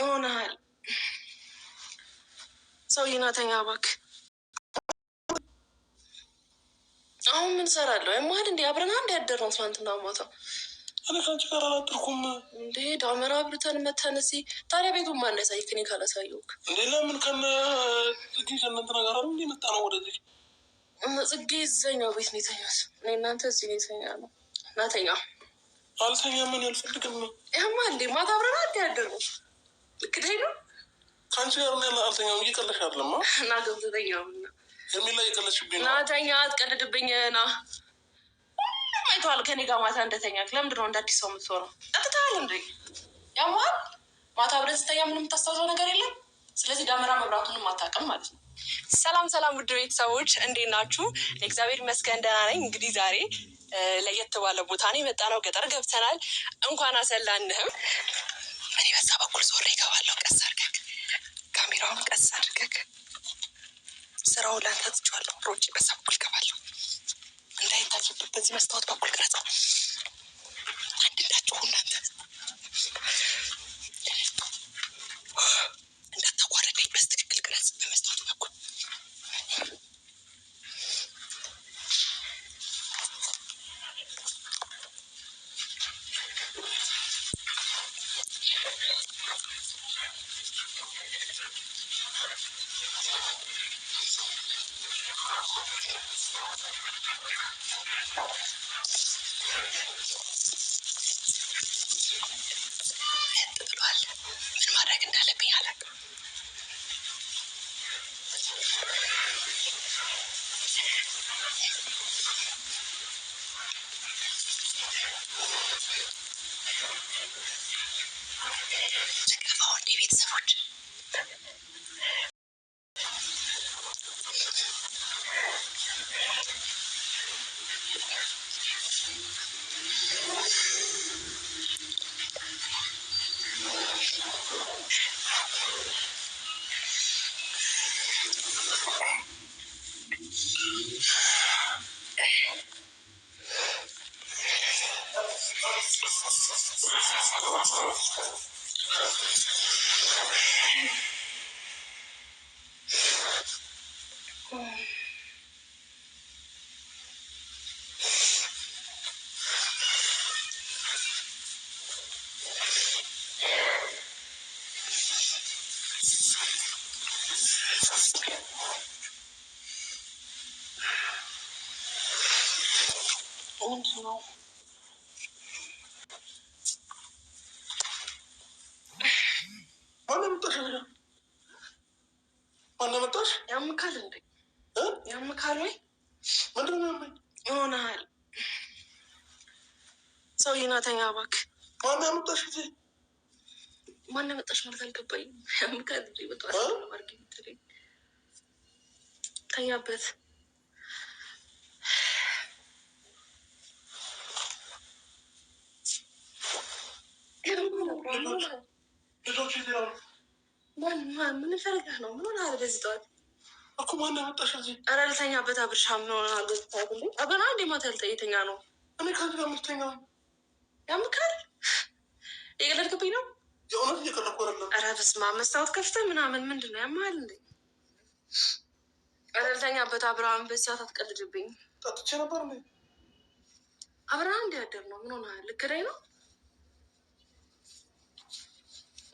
ይሆናል ሰው ይናተኛ ባክ አሁን ምን እሰራለሁ? የማህል እንዲ አብረን አንድ ያደርነው ትናንትና ማታ እኔ ከአንቺ ጋር አላደርኩም እንዴ? ዳመራ አብርተን መተን እዚህ ታዲያ ቤቱን ማን ያሳይክ? እኔ ካላሳየሁክ እንዴ? ለምን ከነ እዚህ ከእናንተ ነገር እንዴ መጣ ነው ወደዚህ ጽጌ እዛኛው ቤት ነው የተኛት። እኔ እናንተ እዚህ ነው የተኛ ነው እናተኛ አልተኛ ምን ያልፈልግም ነው ያማ እንዴ ማታ አብረን አንድ ልክ ልክደ ነው ከአንቺ ጋር ያለ አልተኛ እየቀለሽ አለማ እና ገብተተኛ የሚላ እየቀለሽብኝ ነው ናተኛ አትቀልድብኝ ና አይተዋል ከኔ ጋር ማታ እንደተኛ ለምንድን ነው እንደ አዲስ ሰው የምትሆነው? ጠጥተሃል እንዴ? ያማል ማታ አብረን ስተኛ ምንም የምታስታውሰው ነገር የለም። ስለዚህ ደመራ መብራቱንም አታውቅም ማለት ነው። ሰላም ሰላም፣ ውድ ቤተሰቦች እንዴት ናችሁ? እግዚአብሔር ይመስገን ደህና ነኝ። እንግዲህ ዛሬ ለየት ባለ ቦታ ነው የመጣነው። ገጠር ገብተናል። እንኳን አሰላንህም። እኔ በዛ በኩል ዞሬ ይገባለሁ። ቀስ አድርገህ ካሜራውን ቀስ አድርገህ ስራውን ላንተ ትቼዋለሁ። ሮጬ በዛ በኩል ይገባለሁ እንዳይታይበት በዚህ መስታወት በኩል ቅረጸው fast-food. Thank ምንድን ነው? ማነው መጣሽ? ያምካል እንዴ? ያምካል ወይ? ምንድን ነው ይሆናል። ሰው ይናተኛ እባክህ። ማነው ያመጣሽ? ማነው ያመጣሽ ማለት አልገባኝም። ያምካል እንዴ? ተኛበት ልጆች ልጆች ነው። ምን ፈልገህ ነው? ምን ሆነሃል? በዚህ ጠዋት እኮ ማነው ያመጣሽ እዚህ? ኧረ ልተኛበት አብርሽ። ምን ሆነሃል? በዚህ ጠዋት እንዴ! አበና እንዴ! ማታ ልተኛ ነው። እኔ ከዚህ ጋር ያምካል። እየቀለድክብኝ ነው። የእውነት እየቀለድኩ አይደለም። ኧረ በስመ አብ መስታወት ከፍተህ ምናምን ምንድን ነው ያማል እንዴ? ኧረ ልተኛበት አብርሃም፣ በዚህ ሰዓት አትቀልድብኝ። ጠጥቼ ነበር እንዴ? ነው። ምን ሆነሃል? ልክ ነው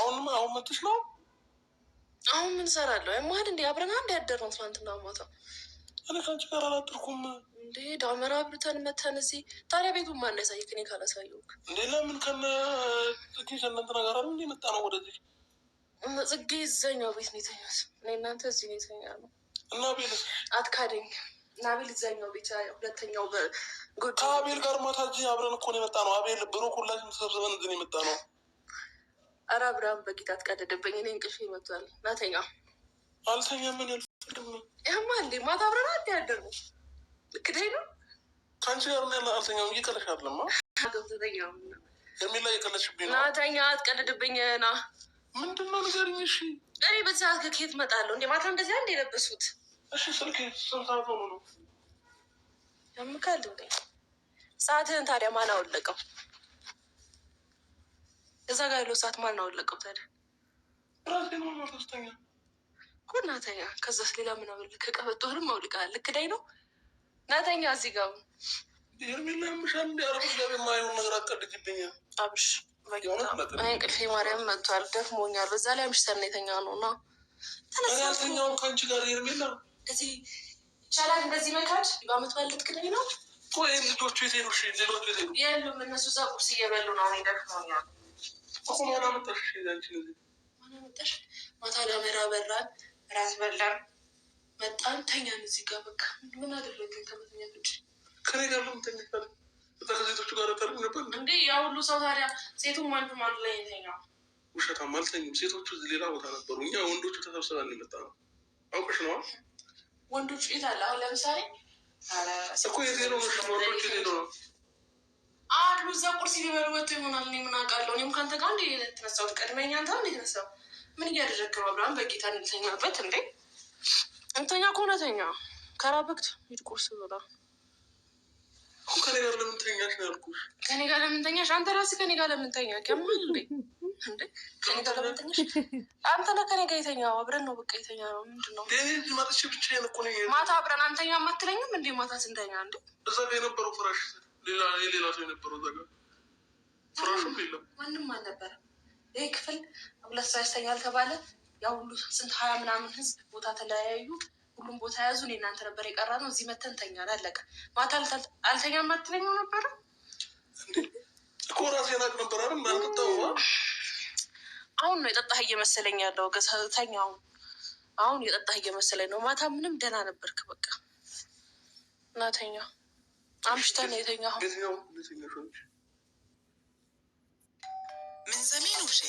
አሁን አሁን መቶች ነው። አሁን ምን እሰራለሁ? ማል እንዲ አብረን አንድ ያደር ነው። ትናንትና ማታ እኔ ከአንቺ ጋር አላደርኩም እንዴ? ዳመራ ብርተን መተን እዚህ ታዲያ ቤቱ ማን ያሳይ? እኔ ካላሳየሁህ እንዴ? ለምን ከነ ጽጌ ነገር አሉ እንዴ? መጣ ነው ወደዚህ ጽጌ ይዘኛው ቤት ነው የተኛት። እኔ እናንተ እዚህ ነው የተኛ ነው እና ቤት አትካደኝ ናቤል አቤል ቤት ሁለተኛው ከአቤል ጋር ማታ እዚህ አብረን እኮ ነው የመጣ ነው። አቤል ብሩክ ሁላችንም ተሰብስበን እዚህ ነው የመጣ ነው አረ አብርሃም በጌታ ትቀደደብኝ። እኔ እንቅልፍ ይመቷል። ናተኛ አልተኛ ምን ያልፍድም ይህማ እንዴ ማታ አብረና እንዲ ያደር ነው ልክደይ ነው ከአንቺ ጋር ያለ አልተኛ እየቀለሽ አለማ የሚላ እየቀለሽብኝ ናተኛ አትቀደድብኝ። ና ምንድነው ንገሪኝ። እሺ እኔ በዚህ ሰዓት ከኬት መጣለሁ እንዴ ማታ እንደዚያ እንደ የለበሱት እሺ ስልክ ስልሳ ሆኑ ነው ያምካል እንዴ ሰዓትህን ታዲያ ማን አወለቀው? እዛ ጋር ያለው ሰዓት ማን አወለቀው ታዲያ? ኮናተኛ ከዛስ ሌላ ምን አወል ከቀበጦህንም ልክ ዳይ ነው ናተኛ እዚህ ጋር አብሽ እንቅልፌ ማርያም መጥቷል፣ ደክሞኛል። በዛ ላይ አምሽተን የተኛ ነው እና ከአንቺ ጋር ሄርሜላ እዚህ ይቻላል። እንደዚህ መካድ በአመት ነው? ልጆቹ የት የት የሉም። እነሱ እዛ ቁርስ እየበሉ ነው። ደክሞኛል ጥቁም ማታ ዳመራ በራን ራስ በላን መጣን ተኛን። እዚህ ጋር በቃ ምን አደረግን? ከመተኛ ፍጭ ከኔ ጋር ምን ተኝታል? በዛ ከሴቶቹ ጋር ጠር ነበር እንዴ? ያ ሁሉ ሰው ታዲያ ሴቱም ወንዱም አንድ ላይ የተኛ ውሸታም አልተኝም። ሴቶቹ እዚህ ሌላ ቦታ ነበሩ። እኛ ወንዶቹ ተሰብስበን የመጣ ነው። አውቅሽ ነዋ። ወንዶቹ የት አለ? አሁን ለምሳሌ እኮ የት ሄዶ ወንዶች የት ነው አሉ እዛ ቁርስ ሊበሉ ወጥቶ ይሆናል። እኔ ምን አውቃለሁ? እኔም ከአንተ ጋር እንደ የተነሳሁት ቀድመኛ አንተ እንደ የተነሳው ምን እያደረክ ነው? አብርሃም በጌታ እንተኛበት እንዴ! እንተኛ ከሆነተኛ ተኛ፣ ከራበክት ሂድ ቁርስ ብላ። ከኔ ጋር ለምንተኛሽ ነው ያልኩሽ። ከኔ ጋር ለምንተኛሽ? አንተ ራስህ ከኔ ጋር ለምንተኛ ከማል እንዴ! ከኔ ጋር ለምንተኛሽ? አንተና ከኔ ጋር የተኛው አብረን ነው በቃ የተኛ ነው። ምንድን ነው ማታ አብረን አንተኛ አትለኝም እንዴ? ማታ ስንተኛ እንዴ? እዛ የነበረው ፍራሽ ሌላ የሌላ ሰው የነበረው ፍራሹም የለም ማንም አልነበረም። ይህ ክፍል ሁለት ሰው ያስተኛል ተባለ። ሁሉ ስንት ሀያ ምናምን ህዝብ ቦታ ተለያዩ። ሁሉም ቦታ የያዙ እኔ እናንተ ነበር የቀራ ነው። እዚህ መተን ተኛን። አለቀ። ማታ አልተኛም አትለኛው ነበረ እኮ ራሴን አቅ ነበር አይደል አሁን ነው የጠጣህ እየመሰለኝ ያለው አሁን የጠጣህ እየመሰለኝ ነው። ማታ ምንም ደህና ነበርክ። በቃ አምሽተ ነው ምን ዘሜን ውሸ